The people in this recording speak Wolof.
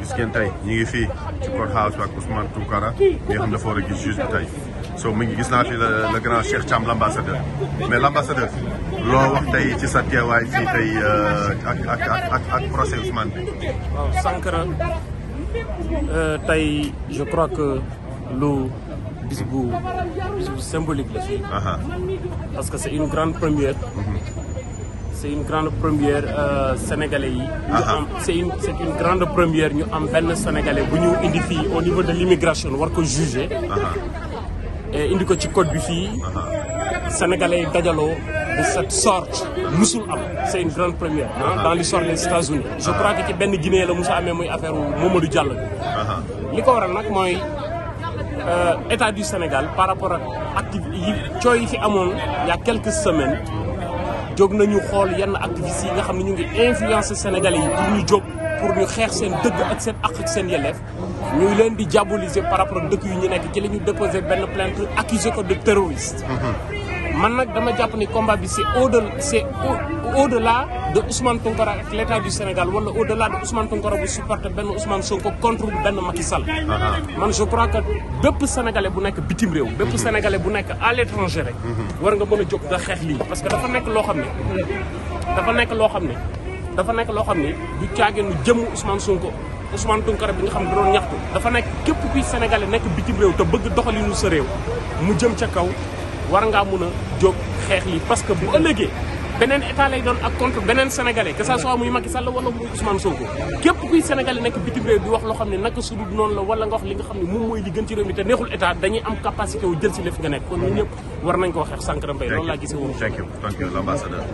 gis ngeen tey ñu ngi fi ci court house ak Ousmane Tounkara mi nga xam dafa war a gis tey so mu ngi gis naa fi le grand Cheikh Thiam l' ambassadeur mais l' ambassadeur loo wax tey ci sa teewaay fii tey euh, ak ak ak procès Ousmane bi. Sankara euh, tey je crois que lu bis bu bis bu symbolique la fii. parce que c' est une grande première. Mhm. c'est une grande première euh, sénégalais yi. ñu ah ah. am c'est une c'est une grande première ñu am benn sénégalais bu ñu indi fii au niveau de l'immigration war ko juger. Ah et indi ko ci code bi fii. sénégalais yi dajaloo de cette sorte. musul am c'est une grande première. dans l'histoire des États-Unis je crois que ci benn Guinée la musa amee muy affaire Mamadou Diallo bi. li ko waral nag mooy. Euh, état du Sénégal par rapport ak activité yi fi amoon il quelques semaines jóg nañu xool yenn activistes yi nga xam ne ñu ngi influencer sénégalais yi pour ñu jóg pour ñu xeex seen dëgg ak seen ak ak seen yelleef ñuy leen di diaboliser par rapport ak dëkk yu ñu nekk ci la ñu déposé benn plainte accusé ko de terroriste man nag dama jàpp ni combat bi c' est au de c' est de Ousmane Tounkara ak l' du Sénégal wala au delà de Ousmane Tounkara bu supporté benn Ousmane Sonko contre benn Macky Sall. man je crois que bépp sénégalais bu nekk bitim réew. bépp mhm. sénégalais bu nekk à l' étranger rek. Mhm. war nga mën a jóg nga xeex lii. parce que dafa nekk loo xam ne dafa nekk loo xam ne dafa nekk loo xam ne du caageenu jëmm Ousmane Sonko. Ousmane Tounkara bi nga xam ne da ñax ñaxtu dafa nekk képp kuy sénégalais nekk bitim réew te bëgg doxalinu sa réew mu jëm ca kaw war ngaa mun jóg xeex yi parce que bu ëllëgee beneen état lay doon ak contre beneen sénégalais que ça soit muy Macky Sall wala muy Ousmane Sonko képp kuy sénégalais nekk bitim réew di wax loo xam ne naka su dul noonu la wala nga wax li nga xam ne moom mooy li gën ci réew mi te neexul état dañuy am capacité jël si lëf nga nekk kon ñun ñëpp war nañ koo xeex Sankara loolu laa gisee woon. thank you thank you